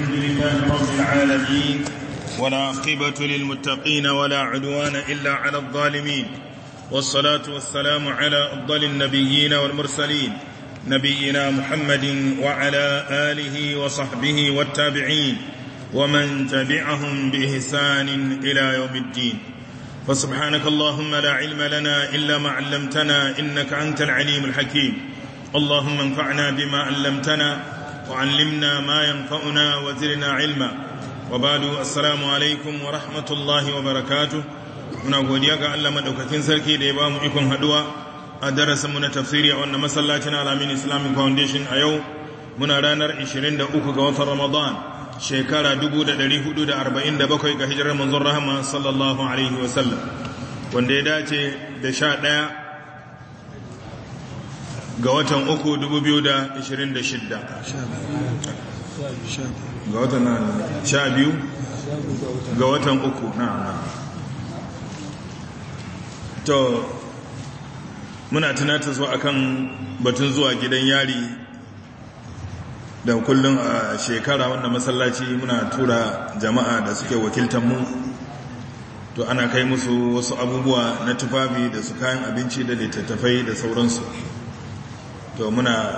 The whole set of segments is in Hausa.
الحمد لله رب العالمين ولا عقبة للمتقين ولا عدوان إلا على الظالمين والصلاة والسلام على أفضل النبيين والمرسلين نبينا محمد وعلى آله وصحبه والتابعين ومن تبعهم بإحسان إلى يوم الدين فسبحانك اللهم لا علم لنا إلا ما علمتنا إنك أنت العليم الحكيم اللهم انفعنا بما علمتنا وعلمنا ما ينفعنا وزرنا علما وبعد السلام عليكم ورحمة الله وبركاته muna godiya ga Allah madaukakin sarki da ya ba mu ikon haduwa a darasin mu na tafsiri a wannan masallacin Alamin Islamic Foundation a yau muna ranar 23 Ramadan shekara 1447 ga hijirar manzon rahama sallallahu alaihi wasallam wanda ya dace da 11 ga watan uku 2026 ga watan sha biyu ga watan uku na to muna tunata su akan batun zuwa gidan yari da kullum a shekara Wanda masallaci muna tura jama'a da suke wakiltar mu to ana kai musu wasu abubuwa na tufafi da su kayan abinci da littattafai da sauransu to muna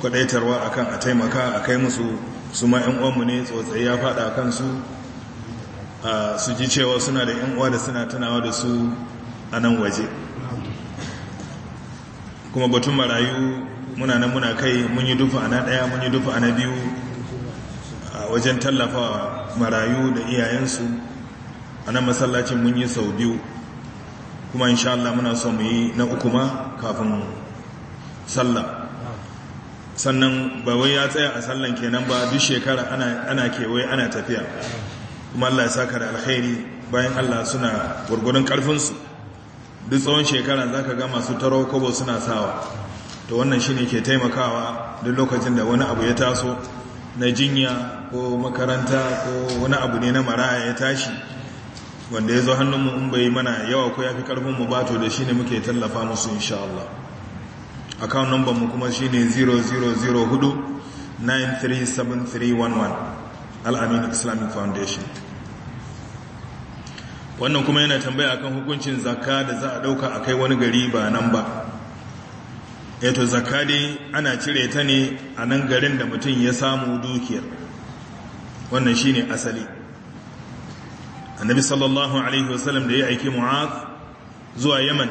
kwadaitarwa akan a taimaka a kai musu su ma uwanmu ne tsotsai ya fada kan su su ji cewa suna da yan uwa da suna tunawa da su a nan waje kuma batun marayu muna nan muna kai mun yi dufa ana daya mun yi dufa ana biyu a wajen tallafa marayu da iyayensu a nan masallacin mun yi sau biyu kuma insha'Allah muna so mu yi na uku ma kafin sallah sannan ba ya tsaya a sallan kenan ba duk shekara ana kewaye ana tafiya kuma Allah ya saka da alkhairi bayan Allah suna gurgurun karfinsu duk tsawon shekara za ka ga masu taro kobo suna sawa to wannan shi ne ke taimakawa duk lokacin da wani abu ya taso na jinya ko makaranta ko wani abu ne na maraya ya tashi wanda ya zo hannunmu in bai mana yawa ko ya fi karfinmu ba to da shi ne muke tallafa musu insha Allah account number mu kuma shine 0004937311 al-amin islamic foundation wannan kuma yana tambaya akan hukuncin zakka da za a dauka akai wani gari ba nan ba eto eh zakka dai ana cire ta ne a nan garin da mutum ya samu dukiyar wannan shine asali annabi sallallahu alaihi wasallam da ya aiki mu'az zuwa yaman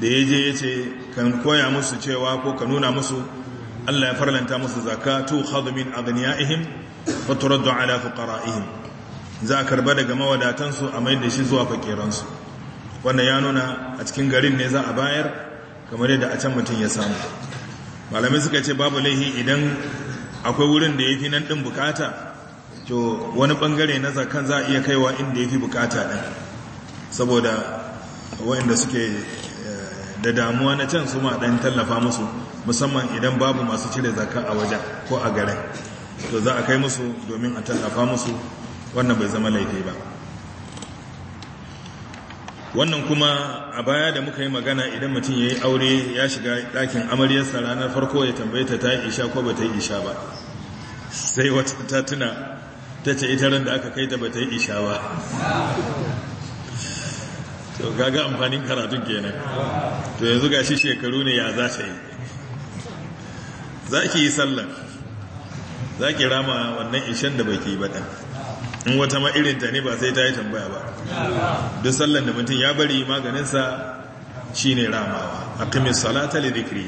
da ya je ya ce kan koya musu cewa ko ka nuna musu Allah ya farlanta musu zakatu khadu min aghniyaihim wa turaddu ala fuqara'ihim za karba daga mawadatan su a mai da shi zuwa su wannan ya nuna a cikin garin ne za a bayar kamar yadda a can mutum ya samu malamai suka ce babu laihi idan akwai wurin da ya nan din bukata to wani bangare na zakan za a iya kaiwa inda ya bukata din saboda waɗanda suke da damuwa na can su ma ɗan tallafa musu musamman idan babu masu cire zaka a wajen ko a garin to za a kai musu domin a tallafa musu wannan bai zama laifi ba wannan kuma a baya da muka yi magana idan mutum ya yi aure ya shiga ɗakin amaryarsa ranar farko ya tambaye ta ta yi isha ko ba ta yi isha ba sai wata ta tuna ta ce ita ran da aka kai ta ba ta yi isha ba to gaga amfanin karatun kenan to yanzu gashi shekaru ne ya za ta yi za ki yi sallar za ki rama wannan ishen da baki baɗa in wata ma ta ne ba sai ta yi tambaya ba duk sallar da mutum ya bari maganinsa shi ne ramawa a kimin salata da zikiri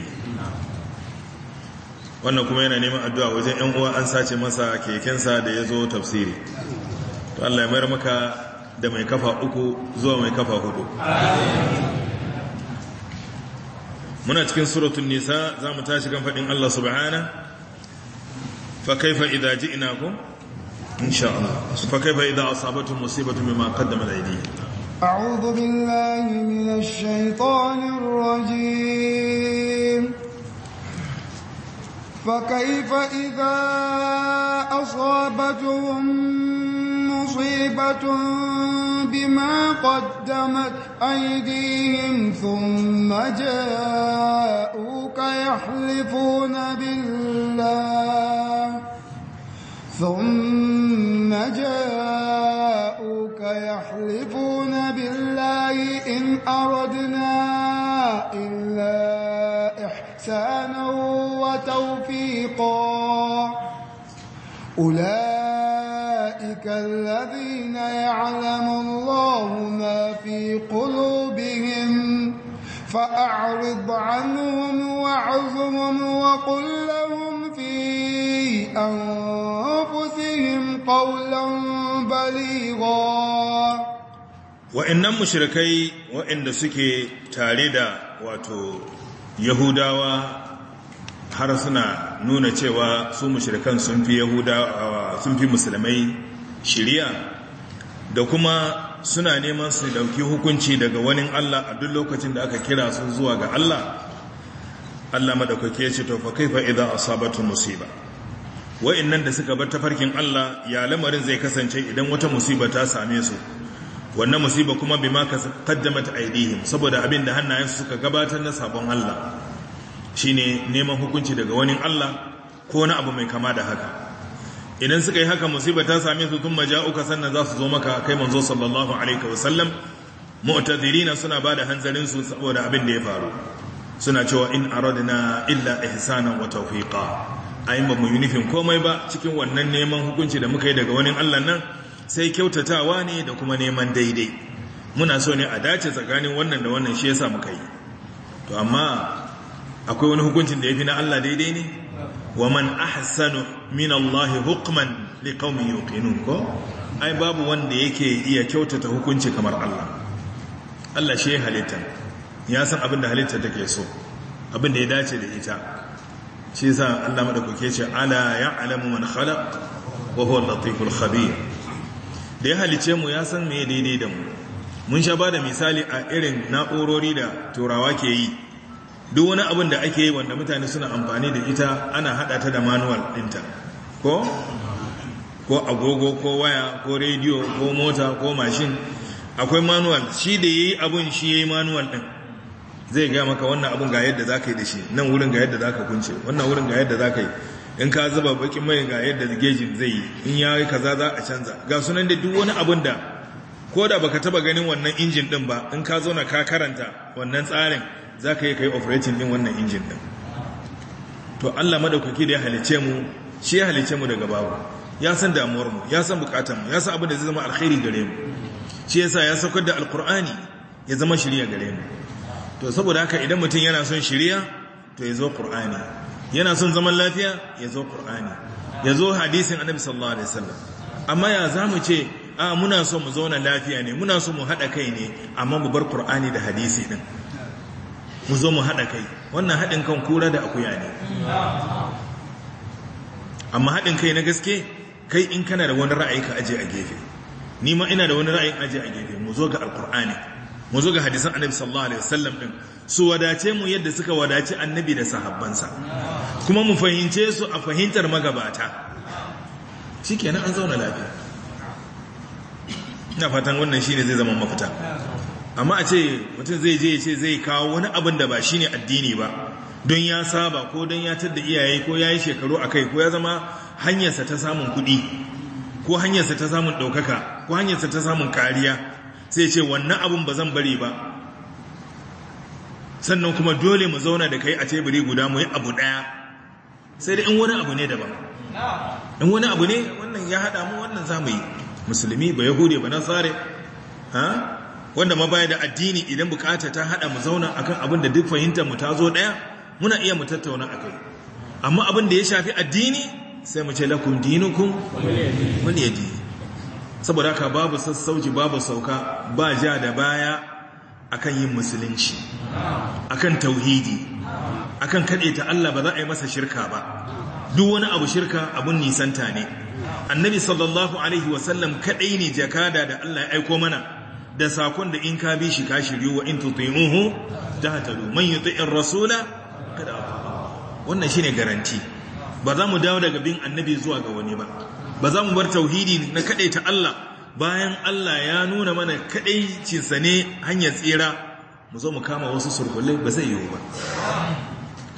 wannan kuma yana neman addu'a wajen ‘yan uwa an sace masa kekensa da ya zo tafsiri Allah ya mayar maka da mai kafa uku zuwa mai kafa hudu muna cikin suratun nisa za mu tashi kan faɗin Allah subhana fa kaifa idza ji'nakum insha Allah fa kaifa idza asabatum musibatu mimma qaddamat aydihim أعوذ بالله من الشيطان الرجيم فكيف إذا أصابتهم مصيبة بما قدمت أيديهم ثم جاءوك يحلفون بالله ثم جاءوك يحلفون بالله إن أردنا إلا إحسانا وتوفيقا أولئك أولئك الذين يعلم الله ما في قلوبهم فأعرض عنهم واعظهم وقل لهم في أنفسهم قولا بليغا wa'annan mushrikai wa'anda suke tare da wato yahudawa har suna nuna cewa su mushrikan sun fi sun fi musulmai shiriya da kuma suna neman su dauki hukunci daga wani Allah a duk lokacin da aka kira su zuwa ga Allah Allah madaukake ya ce to fa kaifa idza asabatu musiba wa'annan da suka bar tafarkin Allah ya lamarin zai kasance idan wata musiba ta same su wannan musiba kuma bima qaddamat aidihim saboda abin da hannayensu suka gabatar na sabon Allah shine neman hukunci daga wani Allah ko na abu mai kama da haka idan suka yi haka musibar ta sami su tun uka sannan za su zo maka kai manzo sallallahu alaihi wasallam mu'tazirina suna ba da hanzarin su saboda abin da ya faru suna cewa in aradna illa ihsanan wa tawfiqa ai ba mu yi nufin komai ba cikin wannan neman hukunci da muka yi daga wani Allah nan sai kyautatawa ne da kuma neman daidai muna so ne a dace tsakanin wannan da wannan shi yasa muka yi to amma akwai wani hukuncin da ya fi na Allah daidai ne wa man ahsanu min Allah hukman liqaumin yuqinun ko ai babu wanda yake iya kyautata hukunci kamar Allah Allah shi ya halitta ya san abin da halitta take so abin da ya dace da ita shi yasa Allah madaukake ce ala ya'lamu man khalaq wa huwa latiful khabir da ya halice mu ya san me daidai da mu mun sha bada misali a irin na'urori da turawa ke yi duk wani abin da ake yi wanda mutane suna amfani da ita ana hada ta da manual dinta ko ko agogo ko waya ko rediyo ko mota ko mashin akwai manual shi da yayi abun shi yayi manual din zai ga maka wannan abun ga yadda zaka yi da shi nan wurin ga yadda zaka kunce wannan wurin ga yadda zaka yi in ka zuba bakin mai ga yadda gejin zai yi in ya yi kaza za a canza ga sunan da duk wani abun da ko da baka taba ganin wannan injin din ba in ka zauna ka karanta wannan tsarin za ka yi kai operating din wannan injin din to allah madaukaki da ya halice mu shi ya halice mu daga babu ya san damuwar mu ya san bukatar mu ya san abin da zai zama alkhairi gare mu shi yasa ya saukar da alkur'ani ya zama shirya gare mu to saboda haka idan mutum yana son shirya to ya zo qur'ani yana son zaman lafiya ya zo qur'ani ya zo hadisin annabi sallallahu alaihi wasallam amma ya za mu ce a muna so mu zauna lafiya ne muna so mu haɗa kai ne amma mu bar qur'ani da hadisi din mu zo mu haɗa kai wannan haɗin kan kura da akuya ne amma haɗin kai na gaske kai in kana da wani ra'ayi ka aje a gefe ni ma ina da wani ra'ayin aje a gefe mu zo ga alkur'ani mu zo ga hadisan annabi sallallahu alaihi wasallam din su wadace mu yadda suka wadace annabi da sahabbansa kuma mu fahimce su a fahimtar magabata shikenan an zauna lafiya ina fatan wannan shine zai zama mafita amma a ce mutum zai je ce zai kawo wani abin da ba shi ne addini ba don ya saba ko don ya tadda iyaye ko ya yi shekaru a kai ko ya zama hanyarsa ta samun kuɗi ko hanyarsa ta samun ɗaukaka ko hanyarsa ta samun kariya sai ce wannan abin ba zan bari ba sannan kuma dole mu zauna da kai a teburi guda mu yi abu ɗaya sai da in wani abu ne daban in wani abu ne wannan ya haɗa mu wannan za mu yi musulmi ba yahudi ba na tsare ha wanda ma baya da addini idan bukata ta hada mu zauna akan abin da duk fahimtar mu ta zo daya muna iya mu tattauna akai amma abin da ya shafi addini sai mu ce lakum dinukum waliyadi saboda ka babu sassauci babu sauka ba ja da baya akan yin musulunci akan tauhidi akan ta Allah ba za a yi masa shirka ba duk wani abu shirka abun nisan ta ne annabi sallallahu alaihi wasallam kadai ne jakada da Allah ya aiko mana da sakon da in ka bi shi ka shiryu wa in tuti'uhu tahtadu man yuti'ir rasula kada wannan shine garanti ba za mu dawo daga bin annabi zuwa ga wani ba ba za mu bar tauhidi na ta Allah bayan Allah ya nuna mana cinsa ne hanyar tsira mu zo mu kama wasu surkulle ba zai yiwu ba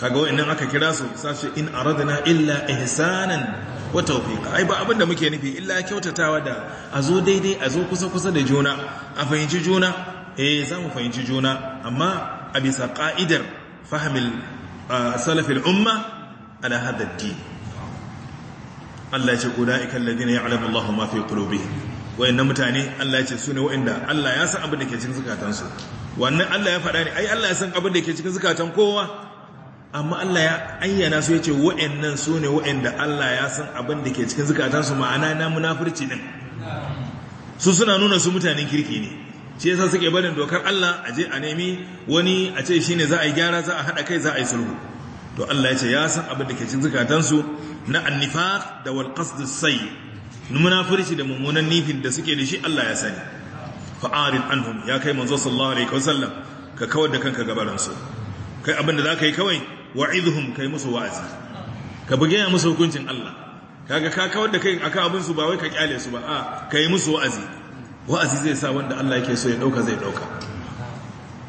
kaga wannan aka kira su sashi in aradna illa ihsanan wa tawfiq ai ba abinda muke nufi illa kyautatawa da a zo daidai a zo kusa kusa da juna a fahimci juna eh za mu fahimci juna amma a bisa qa'idar fahimil salafil umma ala hada din Allah ce ulaika alladhina ya'lamu Allahu ma fi qulubihim wayannan mutane Allah ya ce sune wayanda Allah ya san abin da ke cikin zukatansu wannan Allah ya faɗa ne ai Allah ya san abin da ke cikin zukatan kowa amma Allah ya ayyana su yace wa'annan su ne wa'anda Allah ya san abin da ke cikin zukatansu ma'ana na munafurci din su suna nuna su mutanen kirki ne shi yasa suke barin dokar Allah a je a nemi wani a ce shine za a yi gyara za a hada kai za a yi sulhu to Allah ya ce ya san abin da ke cikin zukatansu na annifaq da wal qasd sayy munafurci da mummunan nifin da suke da shi Allah ya sani fa'arid anhum ya kai manzo sallallahu alaihi wasallam ka kawar da kanka gabaransu kai abin da za ka yi kawai wa'idhum kai musu wa'azi ka buge musu hukuncin Allah kaga ka kawar da kai akan abin su ba wai ka kyale su ba a kai musu wa'azi wa'azi zai sa wanda Allah yake so ya dauka zai dauka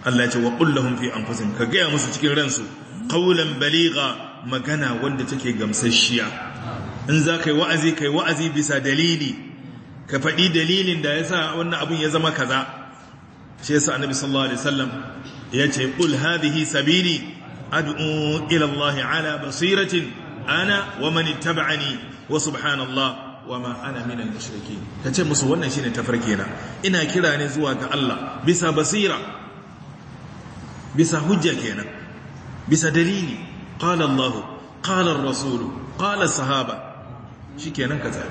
Allah ya ce wa qul lahum fi anfusihim ka gaya musu cikin ransu qawlan baligha magana wanda take gamsasshiya in za kai wa'azi kai wa'azi bisa dalili ka faɗi dalilin da ya sa wannan abin ya zama kaza shi yasa annabi sallallahu alaihi wasallam ya ce qul hadhihi sabili أدعو إلى الله على بصيرة أنا ومن اتبعني وسبحان الله وما أنا من المشركين كتب مسوانا شين تفركينا إنا كلا نزواك الله بسا بصيرة بسا هجة كينا بسا دليل قال الله قال الرسول قال الصحابة شكينا كتاب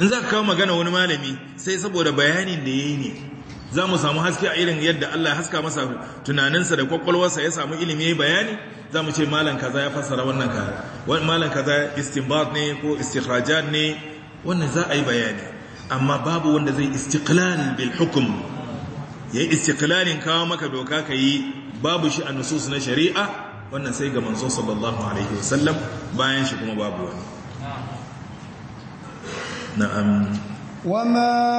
in za ka kawo magana wani malami sai saboda bayanin da ya yi ne za mu samu haske a irin yadda Allah ya haska masa tunaninsa da kwakwalwarsa ya samu ilimi ya bayani za mu ce malam kaza ya fassara wannan kaza malam kaza istinbat ne ko istikhrajat ne wannan za a yi bayani amma babu wanda zai istiqlal bil hukm yayi istiqlalin kawo maka doka kai babu shi a nusus na shari'a wannan sai ga manzo sallallahu alaihi wasallam bayan shi kuma babu wani na'am وما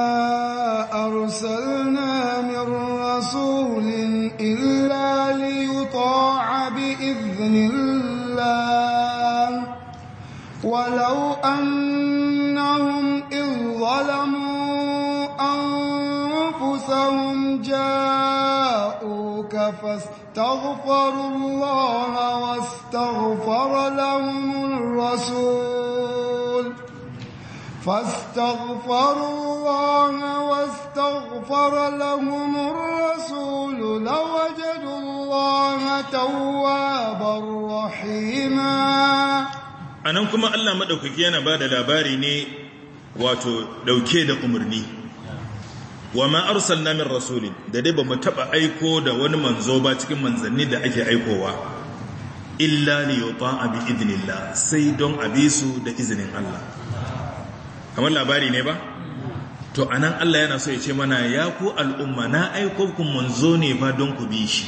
أرسلنا من رسول إلا ليطاع بإذن الله ولو أنهم إذ ظلموا أنفسهم جاءوك فاستغفروا الله واستغفر لهم الرسول فاستغفروا الله واستغفر لهم الرسول لوجدوا الله توابا رحيما anan kuma Allah madaukaki yana bada labari ne wato dauke da umarni wama arsalna min rasulin da dai bamu taba aiko da wani manzo ba cikin manzanni da ake aikowa illa li yuta'a bi idnillah sai don abisu da izinin Allah kamar labari ne ba to anan Allah yana so ya ce mana ya ku al'umma na aiko ku manzo ne ba don ku bi shi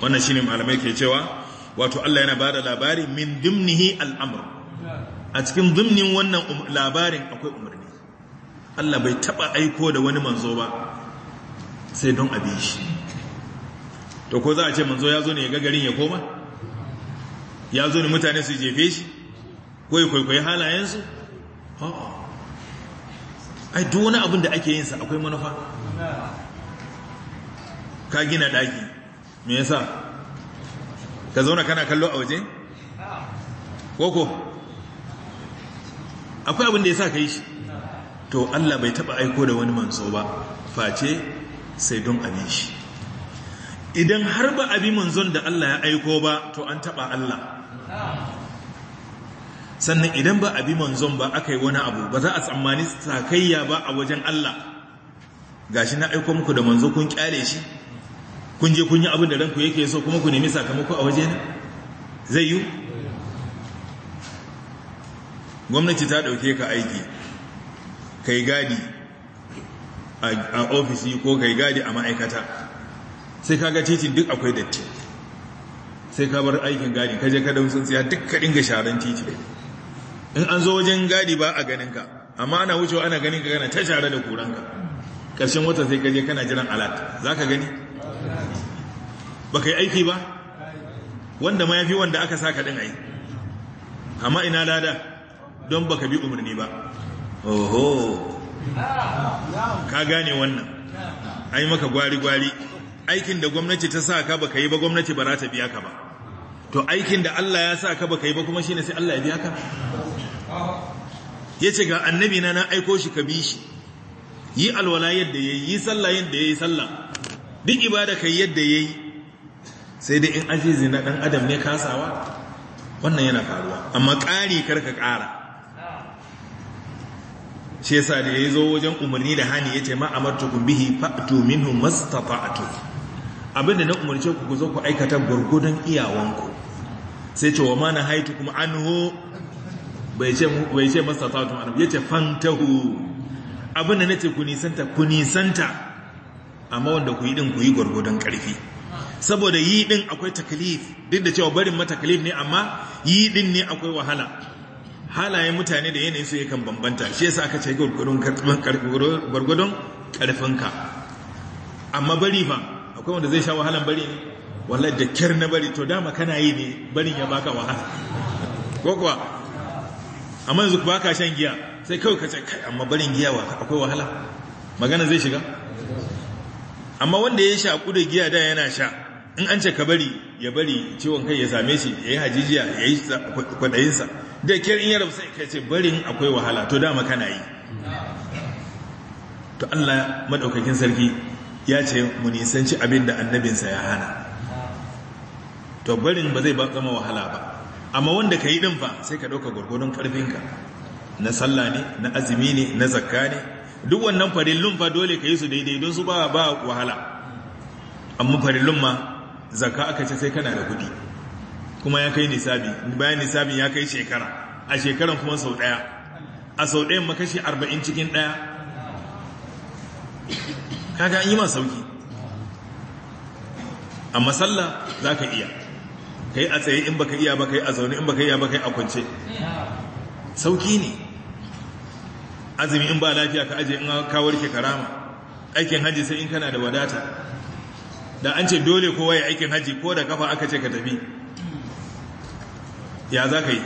wannan shine malamai ke cewa wato Allah yana bada labari min dimnihi al'amr a cikin dimnin wannan um-, labarin akwai umarni Allah bai taba aiko da wani manzo ba sai don bi shi to ko za a ce manzo ya zo ne ya ga garin ya koma ya zo ne mutane su jefe shi ko ya kwaikwayi halayensu a'a ai duk wani abin da ake yin sa akwai manufa ka gina daki me yasa ka zauna kana kallo a waje koko akwai abin da yasa ka yi shi to Allah bai taba aiko da wani manso ba face sai don abin shi idan har ba abin manzon da Allah ya aiko ba to an taba Allah sannan idan ba a bi manzon ba aka yi wani abu ba za a tsammani sakayya ba a wajen Allah gashi na aiko muku da manzo kun kyale shi kun je kun yi abin da ranku yake so kuma ku nemi sakamako a waje na zai yi gwamnati ta dauke ka aiki kai gadi a ofisi ko kai gadi a ma'aikata sai kaga titin duk akwai datti sai ka bar aikin gadi ka je ka dan tsuntsiya duk ka dinga sharan titi in an zo wajen gadi ba a ganinka amma ana wucewa ana ganinka gana ta tare da kuranka ƙarshen wata sai kaje kana jiran alat za ka gani ba ka yi aiki ba wanda ma ya fi wanda aka sa din ai amma ina lada don ba ka bi umarni ba oho ka gane wannan ai maka gwari-gwari aikin da gwamnati ta sa ka baka yi ba gwamnati ba za ta biya ka ba to aikin da Allah ya sa ka baka yi ba kuma shine sai Allah ya biya ka ya ce ga annabi na na aiko shi ka bi shi yi alwala yadda ya yi sallah yadda ya yi sallah duk ibada kai yadda ya yi sai dai in ajizi na ɗan adam ne kasawa wannan yana faruwa amma ƙari karka ƙara shi yasa da ya zo wajen umarni da hani ya ce ma kun bihi fa'atu minhu mastafa'atu abinda na umarce ku ku zo ku aikata gwargwadon iyawanku sai ce wa ma na haitu kuma ho bai ce masa tatun annabi ya ce fantahu abin da ce ku nisanta ku nisanta amma wanda ku yi din ku yi gwargwadon karfi saboda yi din akwai takalif duk da cewa barin ma takalif ne amma yi din ne akwai wahala halayen mutane da yanayin su yakan bambanta shi yasa aka ce gwargwadon gwargwadon karfinka amma bari ba. akwai wanda zai sha wahalan bari ne wallahi da kyar na bari to dama kana yi ne barin ya baka wahala ko kuwa amma yanzu ba ka shan giya sai kawai ka ce amma barin giya akwai wahala magana zai shiga amma wanda ya shaƙu da giya da yana sha in an ce ka bari ya bari ciwon kai ya same shi ya yi hajijiya ya yi kwadayinsa da kyar in yarab sai ka ce barin akwai wahala to dama kana yi to allah maɗaukakin sarki ya ce mu nisanci abin da annabinsa ya hana to barin ba zai zama wahala ba amma wanda ka yi ɗin fa sai ka ɗauka gwargwadon ƙarfinka na sallah ne na azumi ne na zakka ne duk wannan farillun fa dole ka yi su daidai don su ba ba wahala amma farillun ma zakka aka ce sai kana da kuɗi kuma ya kai nisabi bayan nisabin ya kai shekara a shekaran kuma sau ɗaya a sau ɗayan makashi arba'in cikin ɗaya kaga an yi ma sauki amma sallah za ka iya Ka yi a tsaye in baka iya ba yi a zaune in baka iya ba yi a kwance sauki ne azumi in ba lafiya ka aje in ka ke karama aikin haji sai in kana da wadata da an ce dole kowa ya aikin haji ko da kafa aka ce ka tafi ya za ka yi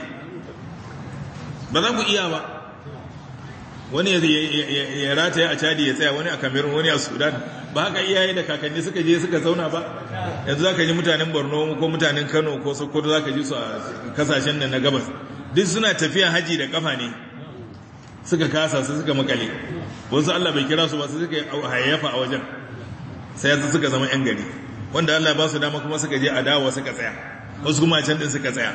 ba za ku iya ba wani ya rataya a cadi ya tsaya wani a kamerun wani a sudan ba haka iyaye da kakanni suka je suka zauna ba yanzu za ka ji mutanen borno ko mutanen kano ko sokoto za ka ji su a kasashen nan na gabas duk suna tafiya haji da kafa ne suka kasa su suka makale wasu allah bai kira su ba su suka hayayyafa a wajen sai yanzu suka zama yan gari wanda allah ba su dama kuma suka je a dawo suka tsaya wasu kuma can din suka tsaya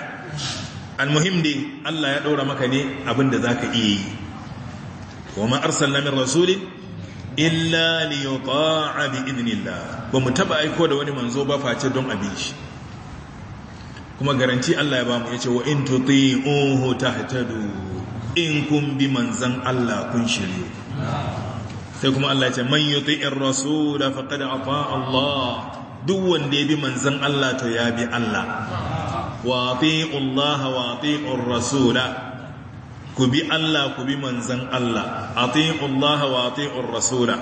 almuhim dai allah ya ɗaura maka ne abin da za ka iya yi wa ma arsalna min rasulin illa li yuta'a bi idnillah ba mu taba aiko da wani manzo ba face don abi shi kuma garanti Allah ya mu yace wa in tuti'uhu tahtadu in kun bi manzan Allah kun shiri sai kuma Allah ya ce man yuti'ir rasul faqad ata Allah duk wanda ya bi manzan Allah to ya bi Allah wa ati'u Allah wa ati'ur rasula ku bi Allah ku bi manzan Allah ati'u Allah wa ati'ur rasula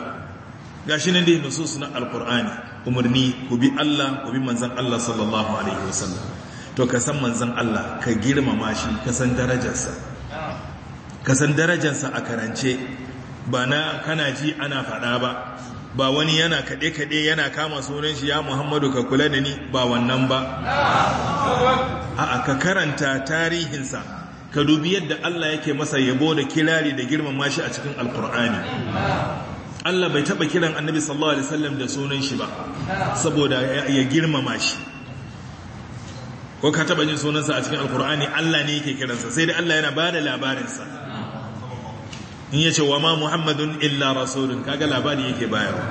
gashi ne dai nusus na alqur'ani umarni ku bi Allah ku bi manzan Allah sallallahu alaihi wasallam to ka san manzan Allah ka girmama shi ka san darajarsa ka san darajarsa a karance ba na kana ji ana faɗa ba ba wani yana kaɗe-kaɗe yana kama sunan shi ya muhammadu ka kula da ni ba wannan ba a ka karanta tarihinsa ka dubi yadda Allah yake masa yabo da kirari da girman mashi a cikin alkur'ani Allah bai taba kiran annabi sallallahu alaihi wasallam da sunan shi ba saboda ya girmama shi ko ka taba jin sunansa a cikin alkur'ani Allah ne yake kiransa sai dai Allah yana bada labarinsa in yace wa ma muhammadun illa rasulun kaga labari yake bayarwa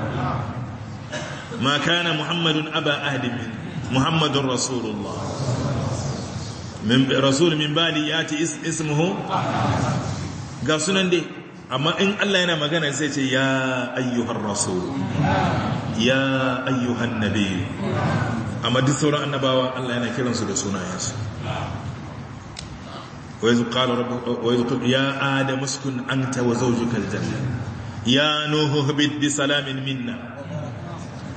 ma kana muhammadun aba ahdin muhammadur rasulullah min rasul min bali ya ce ismuhu ga sunan dai amma in Allah yana magana sai ce ya ayyuhar rasul ya ayyuhan nabi amma duk sauran annabawa Allah yana kiransu da sunayensu Ya قال ربك وإذ قل يا آدم اسكن أنت وزوجك الجنة يا نوح اهبط بسلام منا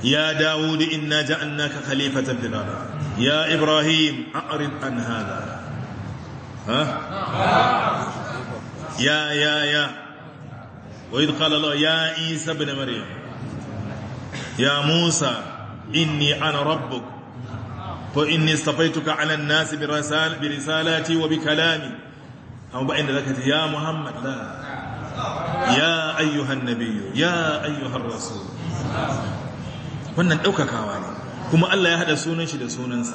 يا داود إنا جعلناك خليفة في الأرض يا إبراهيم أعرض عن هذا ها يا يا يا وإذ قال الله يا عيسى بن مريم يا موسى إني أنا ربك فإني اصطفيتك على الناس برسال برسالاتي وبكلامي أو بعد ذلك يا محمد لا يا أيها النبي يا أيها الرسول wannan أوكا ne kuma Allah ya haɗa sunan shi da sunansa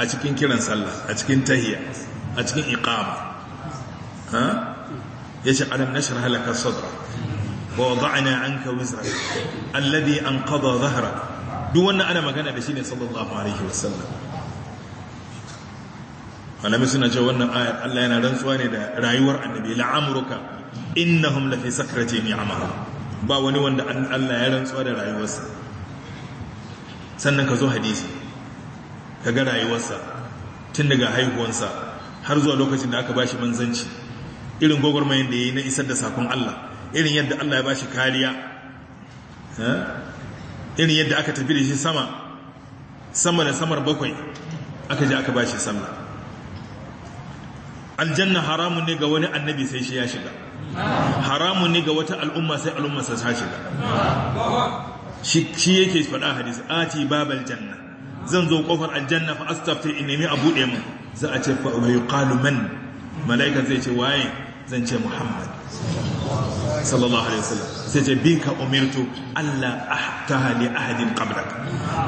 a cikin kiran sallah a cikin tahiyya a cikin iqama ha yace alam nashrah laka sadra wa wada'na anka wizra alladhi anqadha dhahrak duk wannan ana magana da shi ne sallallahu alaihi wasallam annabi suna cewa wannan ayar Allah yana rantsuwa ne da rayuwar annabi la'amruka innahum lafi sakrati ni'amaha ba wani wanda Allah ya rantsuwa da rayuwarsa sannan ka zo hadisi ka ga rayuwarsa tun daga haihuwansa har zuwa lokacin da aka bashi manzanci irin gwagwarmayin da ya yi na isar da sakon Allah irin yadda Allah ya bashi kariya irin yadda aka tafi da shi sama sama da samar bakwai aka ji aka bashi sama aljanna haramun ne ga wani annabi sai shi ya shiga haramun ne ga wata al'umma sai al'ummarsa ta shiga shi yake faɗa hadis ati babal janna zan zo kofar aljanna fa astafti in nemi a buɗe za a ce fa yuqalu man malaika zai ce waye zan ce muhammad sallallahu alaihi wasallam sai ce bika umirtu alla ahta li ahadin qablak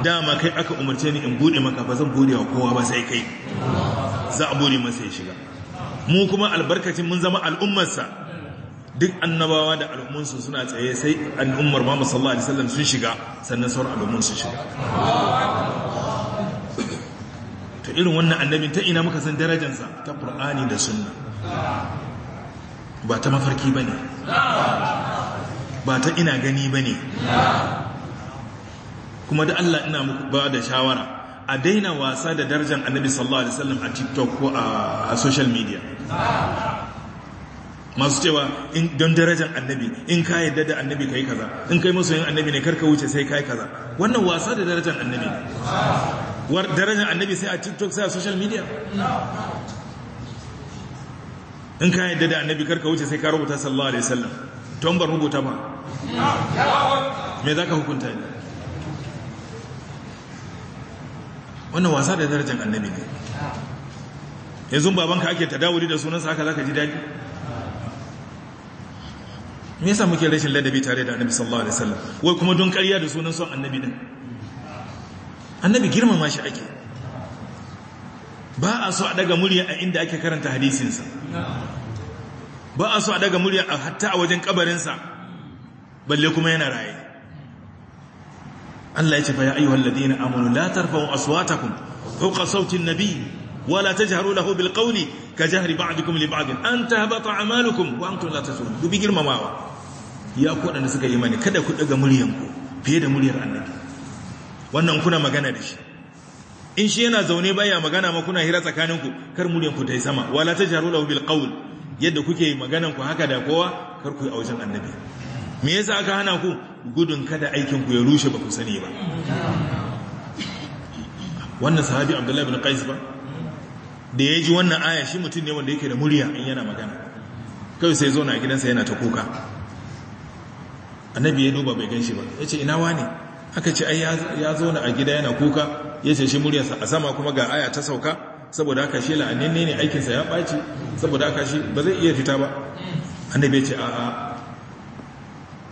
dama kai aka umarce ni in bude maka ba zan buɗe wa kowa ba sai kai za a bude masa ya shiga mu kuma albarkacin mun zama al'ummarsa duk annabawa da al'ummunsu suna tsaye sai al'ummar Muhammad sallallahu alaihi wasallam sun shiga sannan sauran al'ummun sun shiga to irin wannan annabin ta ina muka san darajansa ta Qur'ani da Sunna ba ta mafarki bane ba ta ina gani bane kuma da Allah ina muku ba da shawara a daina wasa da darajar annabi sallallahu alaihi wasallam a TikTok ko a social media masu cewa don darajar annabi in ka yadda da annabi ka yi kaza in kai musu yin annabi ne karka wuce sai ka yi kaza wannan wasa da darajar annabi war darajar annabi sai a tiktok sai a social media in ka yadda da annabi karka wuce sai ka rubuta sallallahu alaihi wasallam an bar rubuta ba me za ka hukunta ni? wannan wasa da darajar annabi ne yanzu babanka ake tadawuli da sunansa haka za ka ji daɗi me yasa muke rashin ladabi tare da annabi sallallahu alaihi wasallam wai kuma don ƙarya da sunan son annabi din annabi girmama shi ake ba a so a daga murya a inda ake karanta hadisinsa ba a so a daga murya a hatta a wajen kabarinsa balle kuma yana raye Allah ya ce fa ya ayyuhal ladina amanu la tarfa'u aswatakum fawqa sautin nabiy ولا تجهروا له بالقول كجهر بعضكم لبعض أن تهبط أعمالكم وأنتم لا تشعرون ku bigir mamawa ya ku da suka yi mani kada ku daga muryan ku fiye da muryar annabi wannan kuna magana da shi in shi yana zaune baya magana ma kuna hira tsakanin ku kar muryan ku ta yi sama wala tajharu lahu bil qawl yadda kuke yi maganan ku haka da kowa kar ku yi a wajen annabi me yasa aka hana ku gudun kada aikin ku ya rushe ba ku sani ba wannan sahabi abdullahi bin qais ba da ya ji wannan aya shi mutum ne wanda yake da murya in yana magana kawai sai zauna a gidansa yana ta kuka annabi ya duba bai gan shi ba ya ce ina ne? aka ce ai ya zauna a gida yana kuka ya ce shi muryarsa a sama kuma ga aya ta sauka saboda haka shi la'anne ne aikinsa ya ɓaci saboda haka shi ba zai iya fita ba annabi ya ce a'a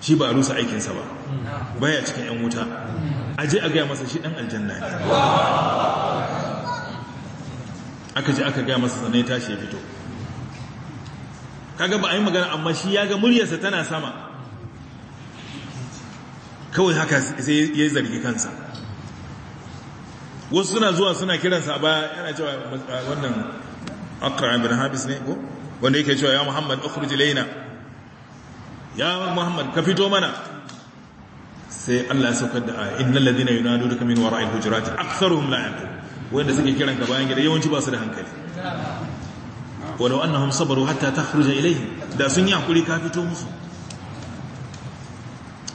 shi ba a rusa aikinsa ba baya cikin 'yan wuta aje a gaya masa shi ɗan aljanna ne aka ji aka gaya masa sannan ya tashi ya fito kaga ba a yi magana amma shi ya ga muryarsa tana sama kawai haka sai ya zargi kansa wasu suna zuwa suna kiransa ba yana cewa ah, wannan akra ibn habis ne ko wanda yake cewa ya muhammad ukhruj ilaina ya muhammad ka fito mana sai Allah ya saukar da innal ladina yunadunaka min wara'il hujurat aktharuhum la yaqilun wanda suke kiran ka bayan gida yawanci ba su da hankali walau annahum sabaru hatta takhruja ilayhim da sun yi hakuri ka fito musu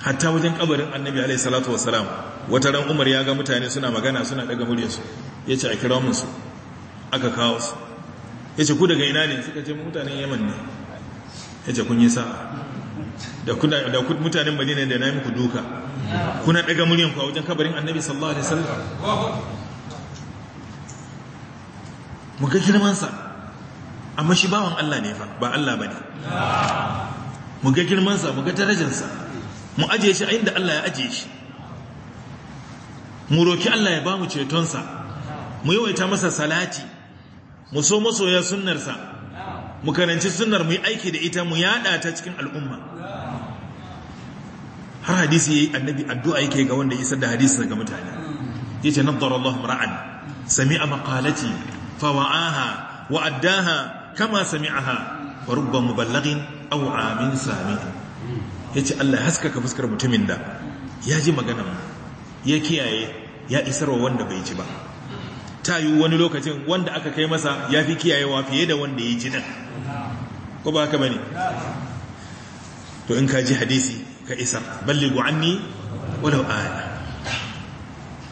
hatta wajen kabarin annabi alaihi salatu wassalam wata ran umar ya ga mutane suna magana suna daga muryarsu ya ce a kira musu aka kawo su ya ce ku daga ina ne suka ce mutanen yaman ne ya ce kun yi sa'a da mutanen madina da na yi muku duka kuna daga muryanku a wajen kabarin annabi sallallahu alaihi wasallam mu ga girmansa amma shi bawan Allah ne fa ba Allah ba mu ga girmansa mu ga sa. mu ajiye shi a inda Allah ya ajiye shi mu roki Allah ya ba mu sa. mu yawaita masa salati mu so masoya sunnarsa mu karanci sunnar mu yi aiki da ita mu yada ta cikin al'umma har hadisi yayi annabi addu'a yake ga wanda ya isar da hadisi daga mutane yace nadara Allahu ra'an sami'a maqalati fawa'aha wa addaha kama sami'aha wa rubba muballighin aw amin sami yace Allah haskaka fuskar mutumin da ya ji magana ya kiyaye ya isarwa wanda bai ji ba ta yi wani lokacin wanda aka kai masa ya fi kiyayewa fiye da wanda ya ji din ko ba haka bane to in ka ji hadisi ka isar ballighu anni walau aya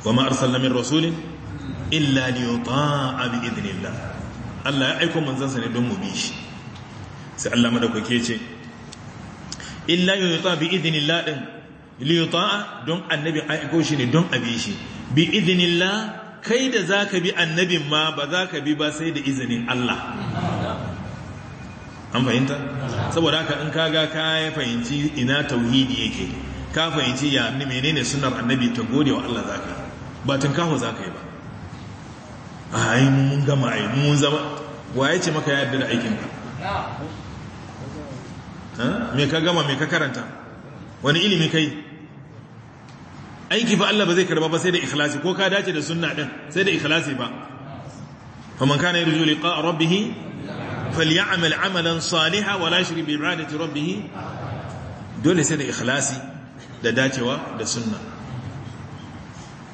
wa ma arsalna min rasulin illa li yuta'a bi idnillah Allah ya aiko manzansa ne don mu bi shi sai Allah madaukake ce illa yuta'a bi idnillah din li yuta'a don annabi aiko shi ne don abi shi bi idnillah kai da zaka bi annabin ma ba zaka bi ba sai da izinin Allah an fahimta saboda haka in kaga ka fahimci ina tauhidi yake ka fahimci ya menene sunnar annabi ta gode wa Allah zaka ba tun kaho zaka yi ba a yi mun gama a yi mun zama wa ya ce maka ya yarda da aikinka me ka gama me ka karanta wani ilimi kai aiki ba Allah ba zai karba ba sai da ikhlasi ko ka dace da sunna din sai da ikhlasi ba faman kana yarju liqa rabbih falyamal amalan salihan wala yushrik bi ibadati rabbih dole sai da ikhlasi da dacewa da sunna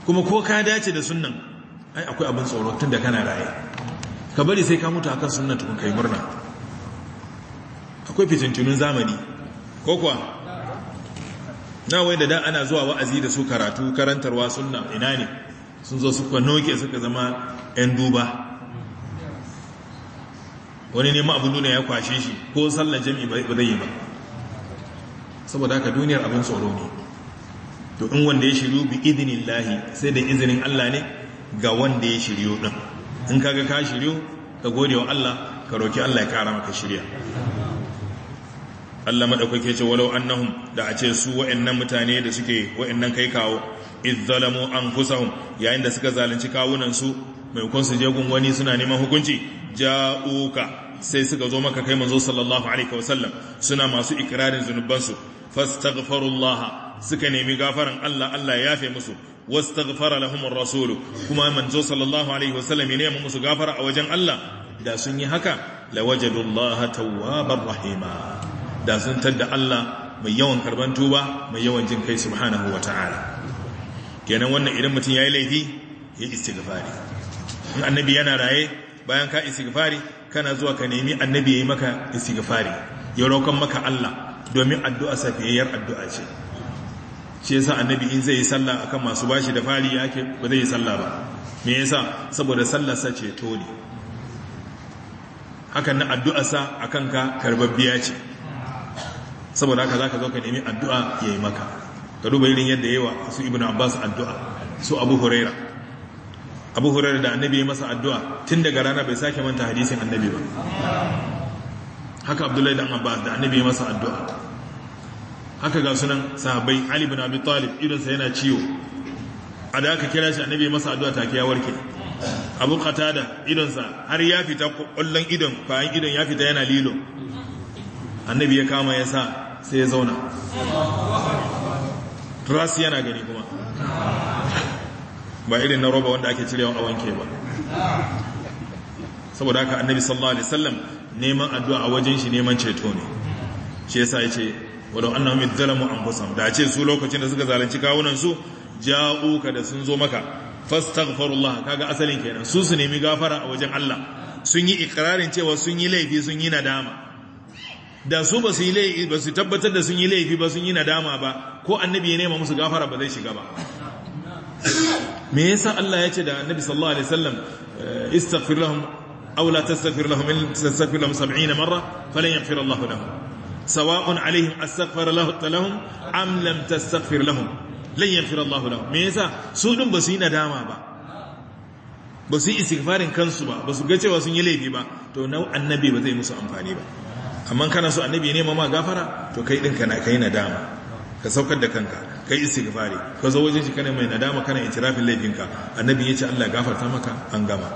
kuma ko ka dace da sunnan ai akwai abin tsoro tun da kana raye ka bari sai ka mutu akan sunna tukun kai murna akwai fitintunin zamani ko kuwa na wai da da ana zuwa wa'azi da su karatu karantarwa sunna ina ne sun zo suka noke suka zama 'yan duba wani neman abin duniya ya kwashe shi ko sallar jami'i ba zai yi ba saboda haka duniyar abin tsoro ne to in wanda ya shiru bi idinin lahi sai da izinin Allah ne ga wanda ya shiryo din in kaga ka shiryo, ka gode wa Allah ka roƙi Allah ya ƙara maka shirya Allah ke ce walau annahum da a ce su wa'annan mutane da suke wa'annan kai kawo izzalamu anfusahum yayin da suka zalunci kawunan su maimakon su je gun wani suna neman hukunci ja'uka sai suka zo maka kai manzo sallallahu alaihi wasallam suna masu ikrarin zunubansu fastaghfirullaha suka nemi gafaran Allah Allah ya yafe musu wastaghfara lahum ar-rasul kuma manzo sallallahu alaihi wasallam ne mun musu gafara a wajen Allah da sun yi haka lawajadullaha tawwabar rahima da sun tadda Allah mai yawan karban tuba mai yawan jin kai subhanahu wata'ala kenan wannan idan mutum yayi laifi ya istighfari in annabi yana raye bayan ka istighfari kana zuwa ka nemi annabi yayi maka istighfari ya roƙon maka Allah domin addu'a safiyayyar addu'a ce shi yasa annabi in zai yi sallah akan masu bashi da fari yake ba zai yi sallah ba me yasa saboda sallar sa ce to ne hakan na addu'a sa akan ka karbabbiya ce saboda haka zaka zo ka nemi addu'a yayi maka ka duba irin yadda yawa su ibnu abbas addu'a su abu huraira abu huraira da annabi ya masa addu'a tun daga rana bai sake manta hadisin annabi ba haka abdullahi dan abbas da annabi ya masa addu'a haka ga sunan sahabbai Ali ibn Abi Talib idansa yana ciwo a da aka kira shi annabi masa addu'a take ya warke Abu Qatada sa har ya fita kullun idan bayan idan ya fita yana lilo annabi ya kama ya sa sai ya zauna ras yana gani kuma ba irin na roba wanda ake cire a wanke ba saboda haka annabi sallallahu alaihi wasallam neman addu'a a wajen shi neman ceto ne shi yasa yace wadda annahum izzalamu anfusahum da ce su lokacin da suka zalunci kawunan su ja'uka da sun zo maka fastaghfirullah kaga asalin kenan su su nemi gafara a wajen Allah sun yi ikrarin cewa sun yi laifi sun yi nadama da su ba su yi laifi ba su tabbatar da sun yi laifi ba sun yi nadama ba ko annabi ya nema musu gafara ba zai shiga ba me yasa Allah ya ce da annabi sallallahu alaihi wasallam eh, istaghfir lahum aw la tastaghfir lahum in tastaghfir lahum 70 marra falan yaghfir Allah lahum sawa'un alaihim astaghfara lahum am lam tastaghfir lahum lan yaghfir lahum me yasa su din ba su yi nadama ba ba su yi istighfarin kansu ba ba su ga cewa sun yi laifi ba to nau annabi ba zai musu amfani ba amma kana so annabi ne ma gafara to kai din kana kai nadama ka saukar da kanka kai istighfari ka zo wajen shi kana mai nadama kana itirafin laifinka annabi ya ce Allah gafarta maka an gama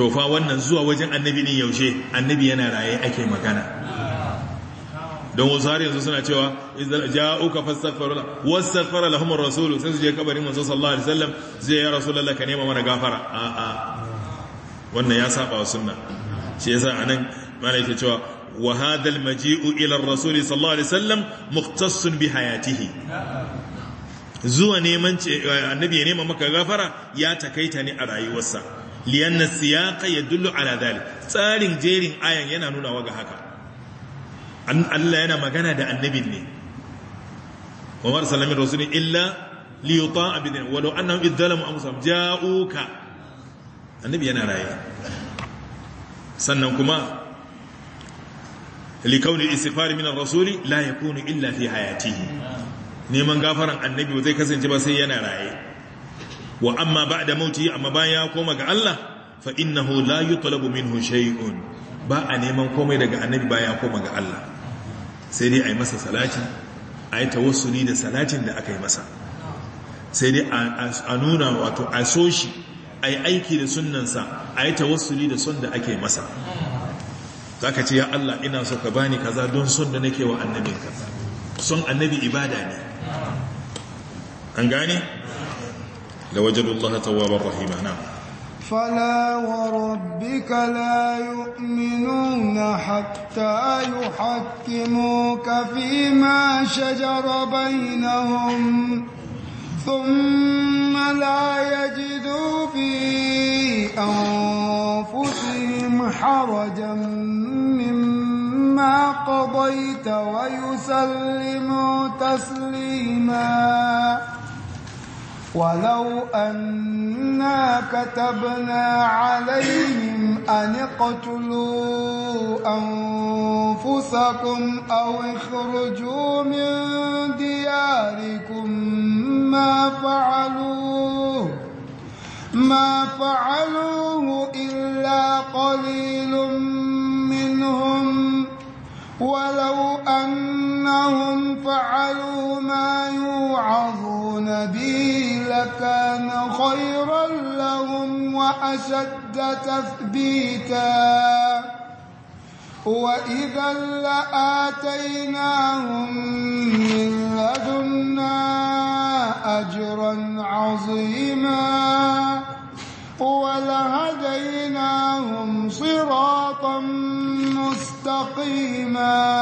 to fa wannan zuwa wajen annabi din yaushe annabi yana raye ake magana don wasu har yanzu suna cewa ja'uka fastaghfirullah wastaghfara lahum ar-rasul sai su je kabarin masu sallallahu alaihi wasallam zai ya rasulullah ka nema mana gafara a a wannan ya saba wa sunna shi yasa anan malai ke cewa wa hadha al-maji'u ila ar-rasul sallallahu alaihi wasallam mukhtassun bi hayatihi zuwa neman eh, annabi ya nema maka gafara ya takaita ne a rayuwarsa liyanna siyaqa yadullu ala dhalik tsarin jerin ayan yana nuna wa ga haka Allah yana magana da annabin ne Umar wa marsalami rasulin illa li yuta abidin walau annahum idzalamu amsam ja'uka annabi yana raye sannan kuma likauni istighfar min ar-rasuli la yakunu illa fi hayatihi neman gafaran annabi zai kasance ba sai yana raye wa amma da mauti amma bayan ya koma ga Allah fa innahu la yutlabu minhu shay'un ba a neman komai daga annabi bayan ya koma ga Allah sai dai ayi masa salati ayi tawassuli da salatin da aka yi masa sai dai a nuna wato a so shi ayi aiki da sunnansa ayi tawassuli da son da ake masa zaka ce ya Allah ina so ka bani kaza don son da nake wa annabinka son annabi ibada ne an gane لوجدوا الله توابا رحيما نعم فلا وربك لا يؤمنون حتى يحكموك فيما شجر بينهم ثم لا يجدوا في أنفسهم حرجا مما قضيت ويسلموا تسليما ولو أنا كتبنا عليهم أن اقتلوا أنفسكم أو اخرجوا من دياركم ما فعلوه ما فعلوه إلا قليل منهم ولو أنهم فعلوا ما يوعظون به لكان خيرا لهم وأشد تثبيتا وإذا لآتيناهم من لدنا أجرا عظيما ولهديناهم صراطا مستقيما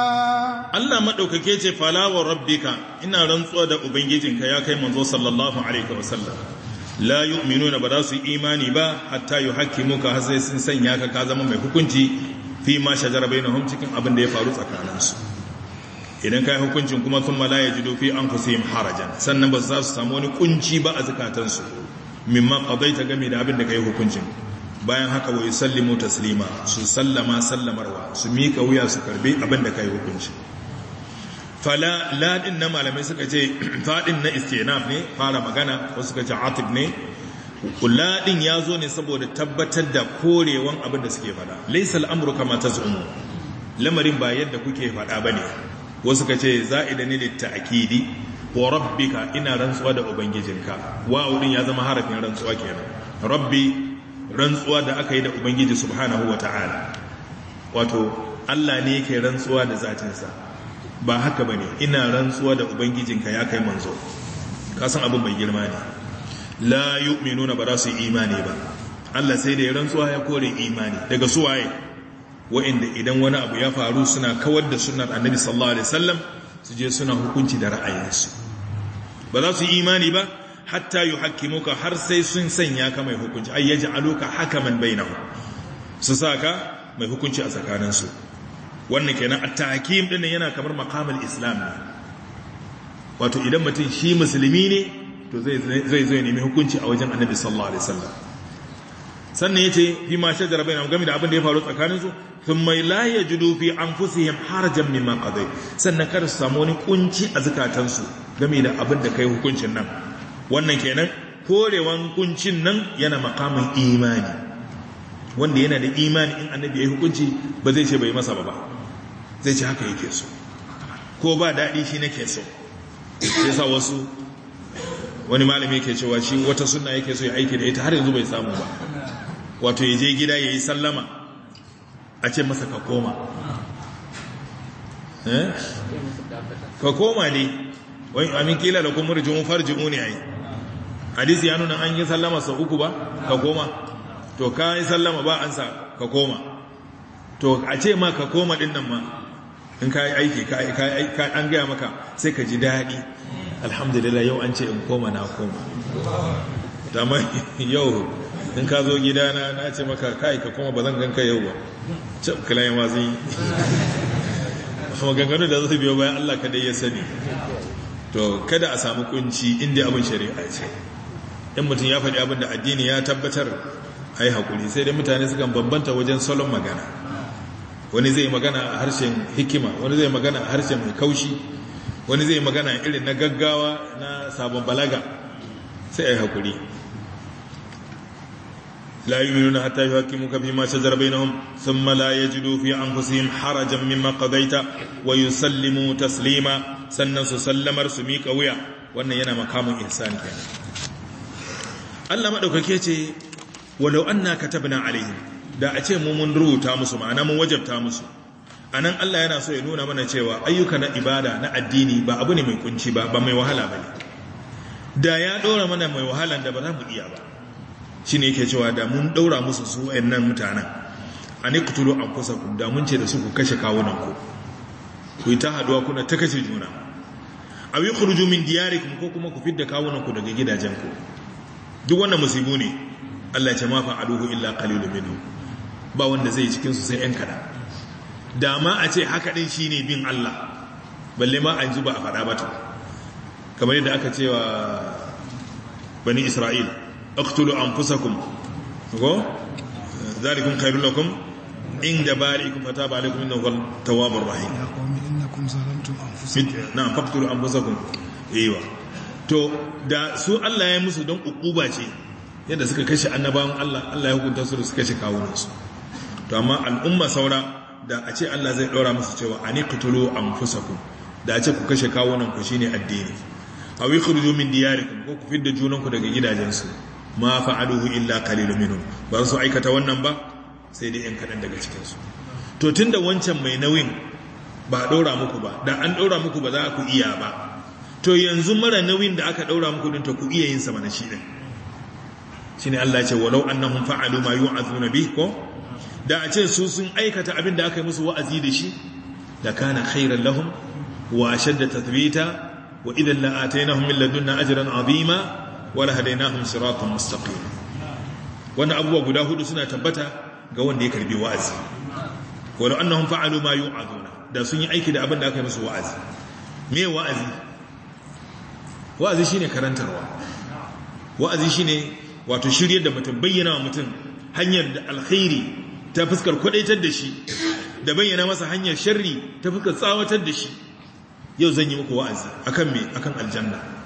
Allah maɗaukake ce falawar rabbika ina rantsuwa da ubangijin ka ya kai manzo sallallahu Alaihi wasallam la yu'minuna ba za su imani ba hatta yi haƙƙi muka har sai sun sanya ka ka zama mai hukunci fi ma na bainahum cikin abin da ya faru tsakaninsu idan kai hukuncin kuma sun mala ya ji dofi an kusa yin harajan sannan ba za su samu wani kunci ba a zukatansu mimma ta game da abin da ka yi hukuncin bayan haka wa sallimu taslima su sallama sallamarwa su mika wuya su karbi abin da kai hukuncin. fala laɗin na malamai suka ce fadin na istinaf ne fara magana wasu suka ce atib ne laɗin ya zo ne saboda tabbatar da korewan abin da suke fada laysal amru kama tazumu lamarin ba yadda kuke fada bane wasu suka ce za'ida ne litta'kidi wa rabbika ina rantsuwa da ubangijinka wa din ya zama harafin rantsuwa kenan rabbi rantsuwa da aka yi da ubangiji subhanahu ta'ala. wato Allah ne yake rantsuwa da zatinsa ba haka bane ina rantsuwa da ubangijinka ya kai manzo san abin mai girma ne la yu'minuna ba za su imani ba Allah sai da ya rantsuwa ya kore imani daga su waye wa'inda idan wani abu ya faru suna kawar da sunnar annabi sallallahu alaihi wasallam su je suna hukunci da ra'ayinsu ba za su yi imani ba hatta hakimuka har sai sun sanya ka mai hukunci haka man bai bainahum su sa ka mai hukunci a tsakaninsu wannan kenan a takim din yana kamar makamar islam ne wato idan mutum shi musulmi ne to zai zai nemi hukunci a wajen annabi sallallahu alaihi wasallam sannan yace fi ma shajara bainahum game da abin da ya faru tsakaninsu thumma la yajidu fi anfusihim harajan mimma qadai sannan kar su samu wani kunci a zakatansu game da abin da kai hukuncin nan wannan kenan korewan hukuncin nan yana makamin imani wanda yana da imani in annabi ya yi hukunci ba zai ce bai masa ba zai ce haka yake so ko ba daɗi shi nake so Ya sa wasu wani malami yake cewa shi wata sunna yake so ya aiki da ita har yanzu bai samu ba wato ya je gida ya yi sallama a ce masa ka koma eh? ka koma ne wani amin kila da kuma rijin farji ne ai hadisi ya nuna an yi sallama sau uku ba ka koma to ka yi sallama ba an sa ka koma to a ce ma ka koma din nan ma in ka yi aiki ka an gaya maka sai ka ji daɗi alhamdulillah yau an ce in koma na koma dama yau in ka zo gidana na ce maka kai ka koma ba zan ganka yau ba cin kilayen wazi maganganu da zai biyo bayan allah kadai ya sani to kada a samu kunci inda abin shari'a ce in mutum ya faɗi abin da addini ya tabbatar a yi haƙuri sai dai mutane sukan bambanta wajen salon magana wani zai magana a harshen hikima wani zai magana a harshen mai kaushi wani zai magana irin na gaggawa na sabon balaga sai a yi haƙuri لا يؤمنون حتى يحكموك فيما شجر بينهم ثم لا يجدوا في أنفسهم حرجا مما قضيت ويسلموا تسليما سنن سسلم رسميك ويا وأن ينا مقام إنسان كان الله مدوك كيتي ولو أنا كتبنا عليهم da a ce mu mun rubuta musu ma'ana mun wajabta musu anan Allah yana so ya nuna mana cewa ayyuka na ibada na addini ba abu ne mai kunci ba ba mai wahala bane da ya dora mana mai wahalan da ba za mu iya ba shi ne yake cewa da mun ɗaura musu su nan mutanen a ne kutulo an kusa ku da mun ce da su ku kashe kawunanku ku yi ta haduwa kuna ta kashe juna a yi kurju min diyarikum ko kuma ku fidda kawunanku daga gidajenku duk wannan musibu ne Allah ce ma fa'aluhu illa kalilu minu ba wanda zai cikin su sai 'yan kada dama a ce haka din shine bin Allah balle ma a ji ba a faɗa ba kamar yadda aka cewa bani Isra'il. اقتلوا انفسكم ذلك خير لكم ان بارئكم فتاب عليكم انه هو التواب الرحيم يا انكم ظلمتم انفسكم نعم فاقتلوا انفسكم ايوه تو ده سو الله يمس دون عقوبه شيء ce yadda suka kashe annabawan Allah Allah ya hukunta su da suka kashe kawunansu to amma al'umma saura da a ce Allah zai ɗora musu cewa ani qutulu anfusakum da a ce ku kashe kawunan ku shine addini aw yukhruju min diyarikum ko ku fidda junanku daga gidajensu ma fa'aluhu illa qalilun minhum ba su aikata wannan ba sai dai yan kadan daga cikin su to tunda wancan mai nauyin ba daura muku ba da an daura muku ba za ku iya ba to yanzu mara nauyin da aka daura muku din to ku iya yin sa mana shi din shine Allah ya ce walau annahum fa'alu ma yu'azuna bih ko da a ce su sun aikata abin da aka yi musu wa'azi da shi da kana khairan lahum wa ashadda tathbita wa idan la'atainahum min ladunna ajran azima wala hadainahum siratan mustaqim Wani abubuwa guda hudu suna tabbata ga wanda ya karbi wa'azi wala annahum fa'alu ma yu'aduna da sun yi aiki da abin da aka yi musu wa'azi me wa'azi wa'azi shine karantarwa wa'azi shine wato shiryar da mutum bayyana wa mutum hanyar da alkhairi ta fuskar kwadaitar da shi da bayyana masa hanyar sharri ta fuskar tsawatar da shi yau zan yi muku wa'azi akan me akan aljanna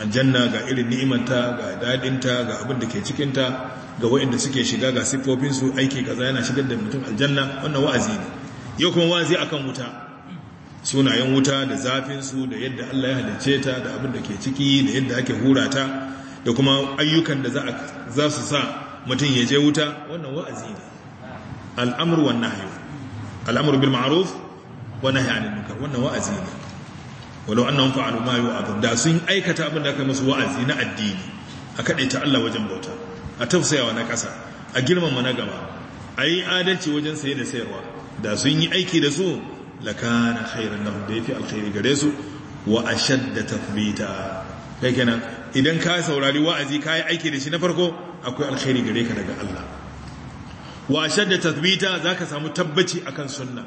aljanna ga irin ni'imanta ga dadinta ga abin da ke cikinta ga waɗanda suke shiga ga siffofinsu aiki kaza yana shigar da mutum aljanna wannan wa'azi ne yau kuma wa'azi akan wuta sunayen wuta da zafinsu da yadda Allah ya halice ta da abin da ke ciki da yadda ake hura ta da kuma ayyukan da za su sa mutum ya je wuta wannan wa'azi ne al'amur wannan hayo al'amur bil ma'aruf wannan hayanin wannan wa'azi ne walau annahum fa'alu ma yu'adun da sun aikata abin da aka musu wa'azi na addini a kaɗaita Allah wajen bauta a tafsayawa na ƙasa a girmama na gaba a yi adalci wajen saye da sayarwa da sun yi aiki da su lakana khairan lahum da ya fi alkhairi gare su wa ashadda tathbita kai kenan idan ka saurari wa'azi ka yi aiki da shi na farko akwai alkhairi gare ka daga Allah wa ashadda tathbita ka samu tabbaci akan sunna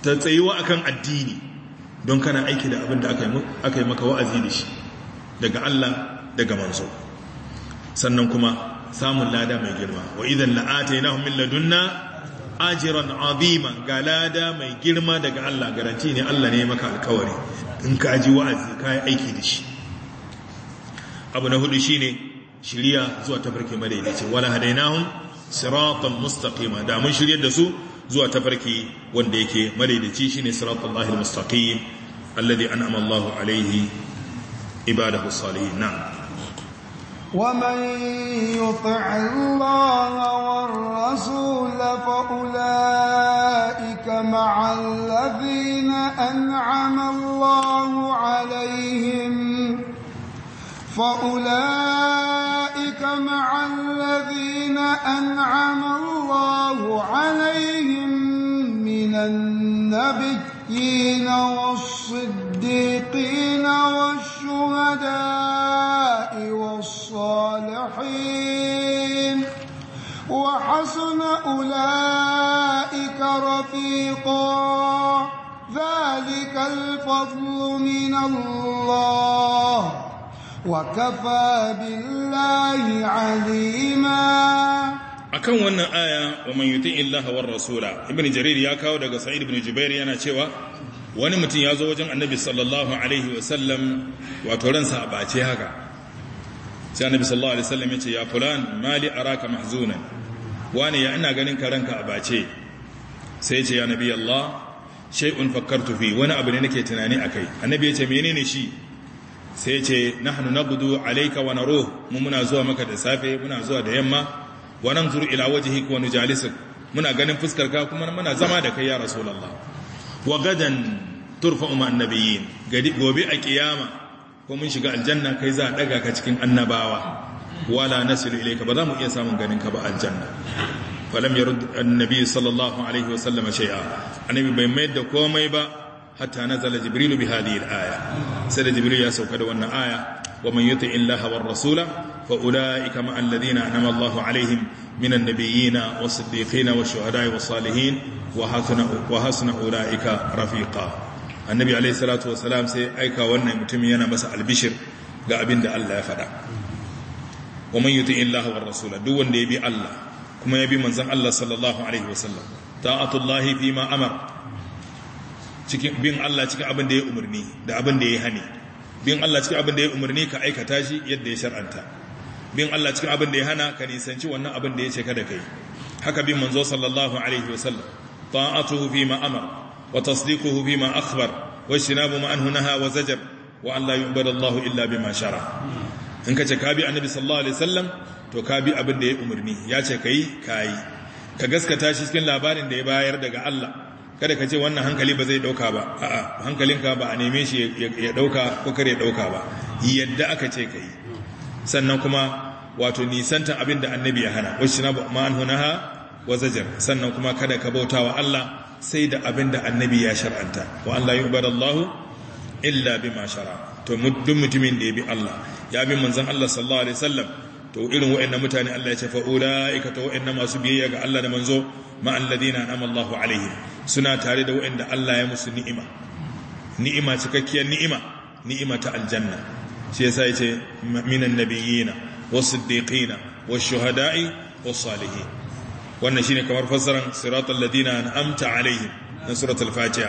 ta tsayuwa akan addini don kana aiki da abin da aka yi maka wa'azi da shi daga Allah daga manzo sannan kuma samun lada mai girma wa idan la'atainahum min ladunna ajran azima ga lada mai girma daga Allah garanti ne Allah ne maka alkawari in ka ji wa'azi ka yi aiki da shi abu na hudu shine shiriya zuwa tafarki madaidaici wala hadainahum siratan mustaqima da mun shiryar da su zuwa tafarki wanda yake madaidaici shine siratal lahil mustaqim الذي أنعم الله عليه عباده الصالحين نعم ومن يطع الله والرسول فأولئك مع الذين أنعم الله عليهم فأولئك مع الذين أنعم الله عليهم من النبي والنبيين والصديقين والشهداء والصالحين وحسن أولئك رفيقا ذلك الفضل من الله وكفى بالله عليماً akan wannan aya wa man yuti illaha war rasula ibn jarir ya kawo daga sa'id ibn jubair yana cewa wani mutum ya zo wajen annabi sallallahu alaihi wa sallam wato ransa a bace haka sai annabi sallallahu alaihi wa sallam yace ya fulan mali araka mahzunan wani ya ina ganin ka ranka a bace sai yace ya nabi allah shay'un fakkartu fi wani abu ne nake tunani akai annabi yace menene shi sai yace nahnu nabdu alayka wa naruh mu muna zuwa maka da safe muna zuwa da yamma wa nanzuru ila wajhika wa nujalisuk muna ganin fuskar ka kuma muna zama da kai ya rasulallah. wa gadan turfa ma annabiyyin gobe a kiyama ko mun shiga aljanna kai za a daga ka cikin annabawa wala nasilu ilayka ba za mu iya samun ganin ka ba aljanna falam annabi sallallahu alaihi wa sallam shay'a annabi bai mai da komai ba hatta nazala jibrilu bi hadhihi Aya, sai da jibril ya sauka da wannan aya ومن يطع الله والرسول فأولئك مع الذين أنعم الله عليهم من النبيين والصديقين والشهداء والصالحين وحسن أولئك رفيقا النبي عليه الصلاة والسلام سي wannan mutum yana masa albishir ga abin da Allah ya fada wa man yuti illaha war rasula duk wanda ya Allah kuma ya bi manzon Allah sallallahu alaihi wasallam ta'atullahi fi ma cikin bin Allah cikin abin da ya umarni da abin da ya hani bin Allah cikin abin da ya umarni ka aikata shi yadda ya shar'anta bin Allah cikin abin da ya hana ka nisanci wannan abin da ya ce kada kai haka bin manzo sallallahu alaihi wasallam ta'atuhu fi ma amara wa tasdiquhu fi ma akhbar wa shinabu ma anhu naha wa zajar wa an la yu'badu Allah illa bima shara in ka ce ka bi annabi sallallahu alaihi wasallam to ka bi abin da ya umarni ya ce kai kai ka gaskata shi cikin labarin da ya bayar daga Allah kada ka ce wannan hankali ba zai dauka ba a'a hankalinka ba a neme shi ya dauka ko kare dauka ba yadda aka ce kai sannan kuma wato nisantan abin da annabi ya hana wacce na ma'an hunaha wa zajar sannan kuma kada ka bauta wa Allah sai da abinda annabi ya shar'anta wa Allah yi Allah illa bi ma shara to duk mutumin da ya bi Allah ya bi manzan Allah sallallahu alaihi wasallam to irin wa'annan mutane Allah ya ce fa ulaika to wa'annan masu biyayya ga Allah da manzo ma alladina an'ama Allahu alaihim suna tare da wa'anda Allah ya musu ni'ima ni'ima cikakkiyar ni'ima ni'ima ta aljanna shi yasa yace minan nabiyina was-siddiqina wash-shuhada'i was-salihin wannan shine kamar fassaran siratal ladina an'amta alaihim na suratul fatiha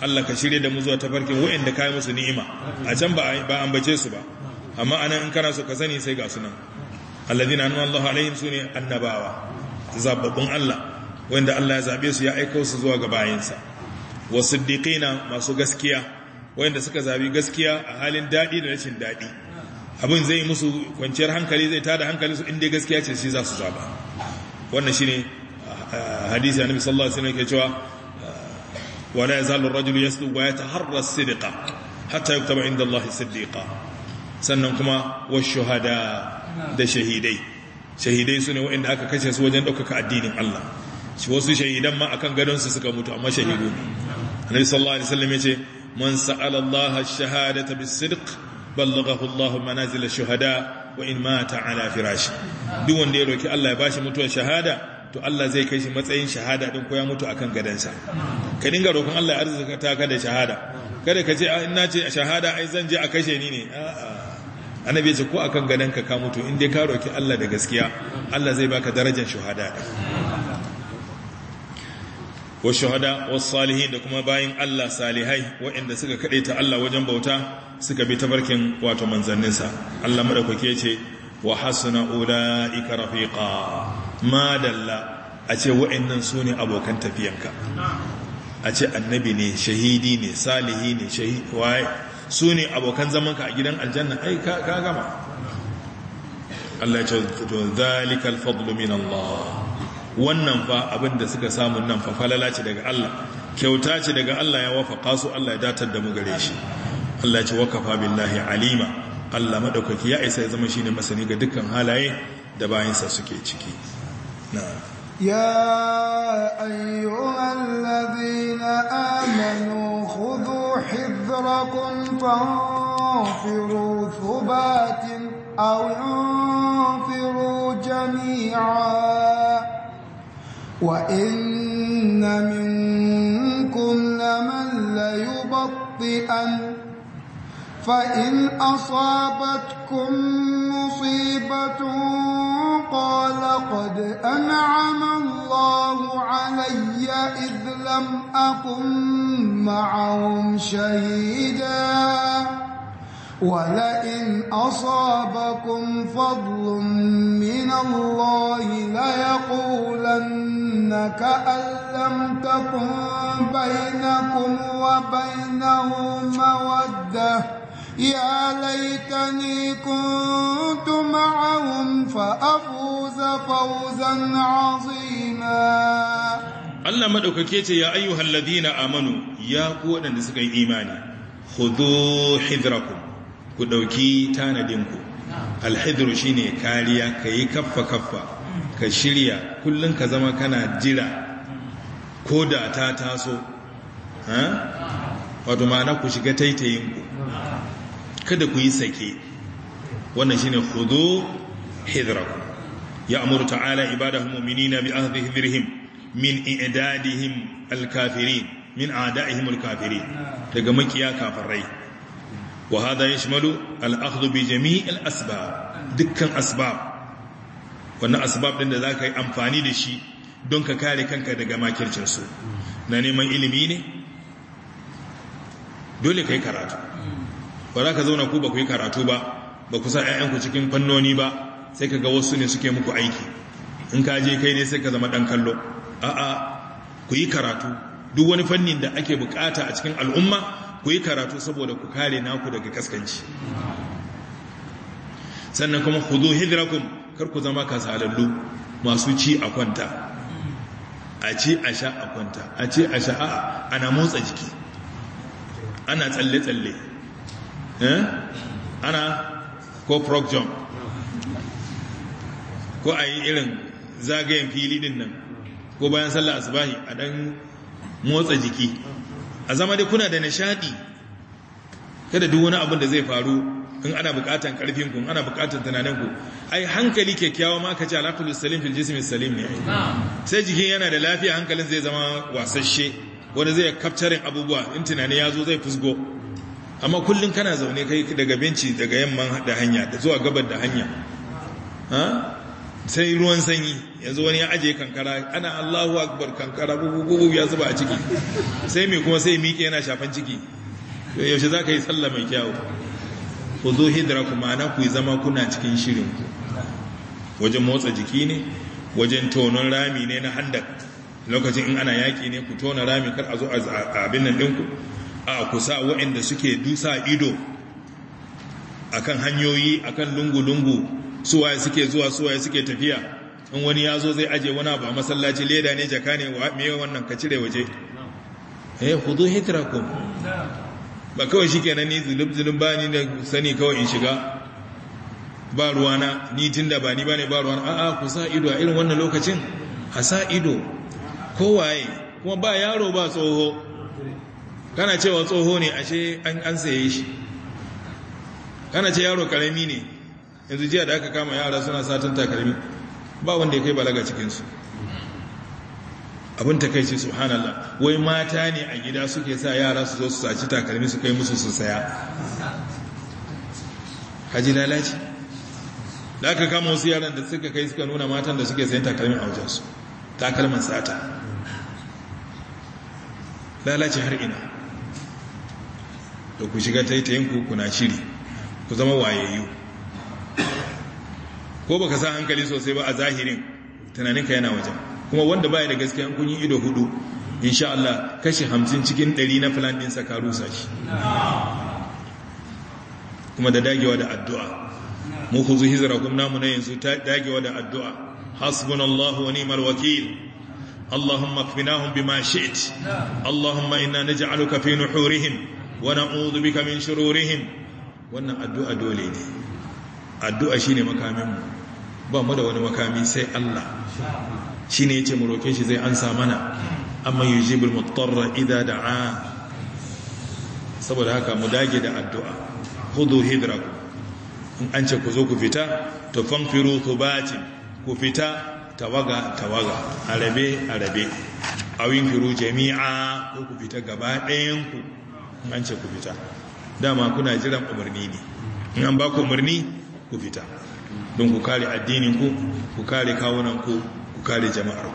Allah ka shirye da mu zuwa tafarkin wa'anda kai musu ni'ima a can ba ba ambace su ba amma anan in kana so ka sani sai ga sunan alladhina anama Allahu alaihim sune annabawa zababbun Allah wanda Allah ya zabe su ya aika su zuwa ga bayinsa wasiddiqina masu gaskiya wanda suka zabi gaskiya a halin dadi da rashin dadi abin zai musu kwanciyar hankali zai tada hankali su inda gaskiya ce shi za su zaba wannan shine hadisi annabi sallallahu alaihi wasallam ke cewa wala yazalu ar-rajulu yasduqu wa yataharra as-sidqa hatta yuktaba inda Allah siddiqa sannan kuma wash-shuhada da shahidai shahidai su ne waɗanda aka kashe su wajen ɗaukaka addinin Allah shi wasu shahidan ma akan gadon su suka mutu amma shahidu ne annabi sallallahu alaihi wasallam yace man sa'ala Allah ash-shahadata bis-sidq ballaghahu Allah manazil ash-shuhada wa in mata ala firashi duk wanda ya roki Allah ya bashi mutuwar shahada to Allah zai kai shi matsayin shahada din ko ya mutu akan gadon sa. ka dinga roƙon Allah ya arzuka ta ka da shahada kada ka ce ah, ina ce shahada ai zan je a kashe ni ne a'a annabi ya ce ko akan ganin ka ka mutu in dai ka roki Allah da gaskiya Allah zai baka darajar shuhada wa shuhada wa salihin da kuma bayin Allah salihai waɗanda suka ta Allah wajen bauta suka bi tabarkin wato manzanninsa Allah madaukake ce wa hasuna ulaika rafiqa madalla a ce waɗannan su ne abokan tafiyanka a ce annabi ne shahidi ne salihi ne waye su ne abokan zamanka a gidan aljanna ai ka gama Allah ya ce to zalikal fadlu min Allah wannan fa abin da suka samu nan fa falala ce daga Allah kyauta ce daga Allah ya wafaka su Allah ya datar da mu gare shi Allah ya ce wakafa billahi alima Allah madaukaki ya isa ya zama shine masani ga dukkan halaye da bayansa suke ciki na'am يا أيها الذين آمنوا خذوا حذر مفرق فانفروا ثبات أو انفروا جميعا وإن منكم لمن ليبطئن فإن أصابتكم مصيبة قال قد أنعم الله علي إذ لم أكن معهم شهيدا ولئن أصابكم فضل من الله ليقولن كأن لم تكن بينكم وبينه مودة يا ليتني كنت معهم فأفوز فوزا عظيما Allah madaukake ce ya ayyuhal ladina amanu ya ku waɗanda suka yi imani khudhu hidrakum ku ɗauki tanadinku alhidru shine kariya yi kaffa kaffa ka shirya kullum ka zama kana jira ko da ta taso wato ma'ana ku shiga taitayinku kada ku yi sake wannan shine khudhu hidrakum ya amuru ta'ala ibadahu mu'minina bi ahdihi dirhim min i'dadihim alkafirin min a'daihim alkafirin daga makiya kafirai wa hada yashmalu al-akhdh bi jami' al-asbab dukkan asbab wannan asbab din da zaka yi amfani da shi don ka kare kanka daga makircin su na neman ilimi ne dole kai karatu ba za ka zauna ku ba ku yi karatu ba ba ku sa 'ya'yanku cikin fannoni ba sai ka ga wasu ne suke muku aiki in ka je kai ne sai ka zama ɗan kallo a'a ku yi karatu duk wani fannin da ake bukata a cikin al'umma ku yi karatu saboda ku kare naku daga kaskanci sannan kuma ku zo hijirakum kar ku zama kasalallu masu ci a kwanta a ci a sha a kwanta a ci a sha a ana motsa jiki ana tsalle-tsalle eh? ana ko frog jump ko a yi irin zagayen fili din nan ko bayan sallar asubahi a dan motsa jiki a zama dai kuna da nishadi kada duk wani abin da zai faru in ana bukatan karfin ku ana bukatan tunanin ku ai hankali kyakkyawa ma kace alaqul salim fil jismi salim ne sai jikin yana da lafiya hankalin zai zama wasasshe wanda zai kaftarin abubuwa in tunani ya zo zai fusgo amma kullum kana zaune kai daga benci daga yamman da hanya da zuwa gabar da hanya sai ruwan sanyi yanzu wani ya ajiye kankara ana Allahu akbar kankara gugugugu ya zuba a ciki sai mai kuma sai miƙe yana shafan ciki yaushe za ka yi sallah mai kyawu ku zo hidira kuma na ku yi zama kuna cikin shirin ku wajen motsa jiki ne wajen tonon rami ne na handa lokacin in ana yaƙi ne ku tona rami kar a zo a abin nan ɗinku a ku sa waɗanda suke dusa ido akan hanyoyi akan lungu-lungu suwaye suke zuwa suwaye suke tafiya in wani ya zo zai aje wani ba masallaci leda ne jaka ne wa me wannan ka cire waje eh khudu hitrakum ba kawai kenan ni zulub zulub ba ni da sani kawai in shiga ba ruwana ni tinda ba ni ne ba ruwana a'a ku sa ido a irin wannan lokacin a sa ido kowaye kuma ba yaro ba tsoho kana cewa tsoho ne ashe an an saye shi kana ce yaro karami ne yanzu jiya da aka kama yara suna satin takarmi ba wanda ya kai balaga cikinsu abin ta kai ce subhanallah wai mata ne a gida suke sa yara su zo su saci takalmi su kai musu su saya haji lalaci da aka kama wasu yaran da suka kai suka nuna matan da suke sayan takalmin a wajensu takalman sata lalaci har ina da ku shiga taitayinku ku kuna shiri ku zama wayayyu ko baka sa hankali sosai ba a zahirin tunaninka yana wajen kuma wanda baya da gaskiya kun yi ido hudu insha Allah kashi hamsin cikin ɗari na plan din ka rusa shi kuma da dagewa da addu'a mu ku zuhi zirakun namu na yanzu ta dagewa da addu'a hasbunallahu wa ni'mal wakil اللهم اكفناهم بما شئت اللهم إنا نجعلك في نحورهم ونعوذ بك من شرورهم wannan addu'a dole ne addu'a shine makamin mu ba mu da wani makami sai Allah shi ne ce mu roƙe shi zai ansa mana amma yi jibin mutarra idan da'a saboda haka mu dage da addu'a hudu hidraku in an ce ku zo ku fita to famfiru ku bacin ku fita tawaga tawaga arabe arabe a winfiru jami'a ko ku fita gaba ɗayanku in an ce ku fita dama kuna jiran umarni ne in an ba ku umarni ku fita don ku kare addininku ku kare kawunanku ku kare jama'arku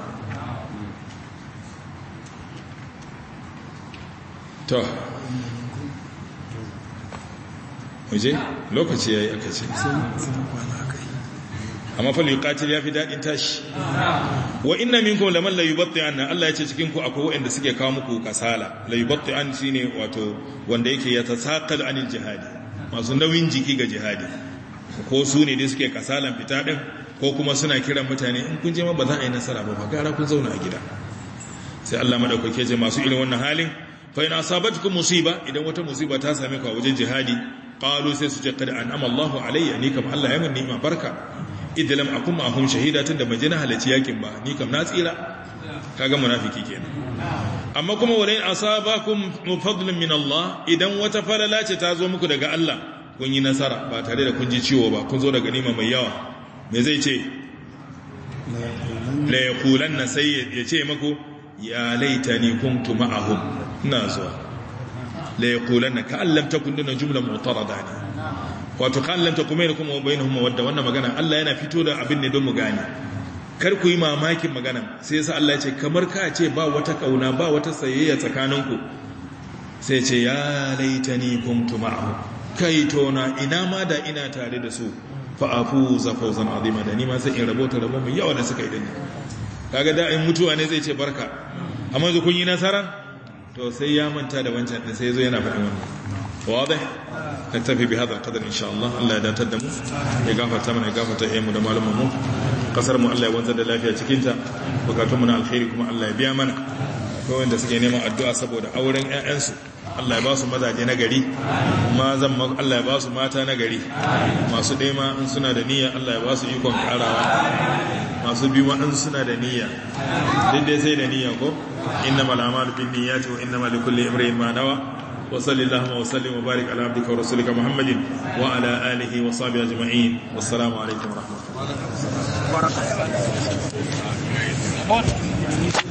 to waje lokaci ya yi aka ce amma fa ya yafi daɗin tashi wa inna minkum laman Allah yace cikin ku akwai wanda suke kawo muku kasala la yana shi ne wato wanda yake ya tasaqal anil jihadi masu nauyin jiki ga jihadi ko su ne da suke kasalan fita din ko kuma suna kiran mutane in kun je ma ba za a yi nasara ba gara kun zauna a gida sai Allah madaukake je masu irin wannan halin fa ina asabatkum musiba idan wata musiba ta same ku a wajen jihadi qalu sai su ce qad an'ama Allahu alayya ni kam Allah ya min ma barka idlam akum shahida shahidatan da majina halaci yakin ba ni kam na tsira kaga munafiki kenan amma kuma in asabakum fadlun min Allah idan wata falala ce ta zo muku daga Allah kun yi nasara ba tare da kun ji ciwo ba kun zo da ganima mai yawa me zai ce la na sai ya ce mako ya laitani kuntu ma'ahum ina zuwa la na ka allam takun dana jumla mutarada ne wato ka allam yana kuma wa bainahum mawadda wannan magana Allah yana fito da abin ne don mu gane kar ku yi mamakin magana sai yasa Allah ya ce kamar ka ce ba wata kauna ba wata sayayya tsakaninku sai ce ya laitani kuntu ma'ahum kai tona ina ma da ina tare da su fa za fauzan azima da ni ma sai in rabota rabo mai yawa da suka yi da kaga da in mutuwa ne zai ce barka amma yanzu kun yi nasara to sai ya manta da wancan din sai yazo yana faɗin wannan wadah da mu ya gafarta mana ya gafarta يدا mu da تمنا mu kasar mu Allah ya wanzar da lafiya cikin cikinta bukatun mu na alkhairi kuma Allah ya biya mana ko wanda suke neman addu'a saboda auren ƴaƴansu Allah ya ba su mazaje na gari mazan Allah ya ba su mata na gari masu ɗema in suna da niyya Allah ya ba su ikon karawa masu biyu in suna da niyya duk dai sai da niyya ko innama al'amalu bin niyyati wa innama likulli imrin ma nawa وصلى الله وسلم وبارك على عبدك ورسولك محمد وعلى آله وصحبه أجمعين والسلام عليكم ورحمة الله وبركاته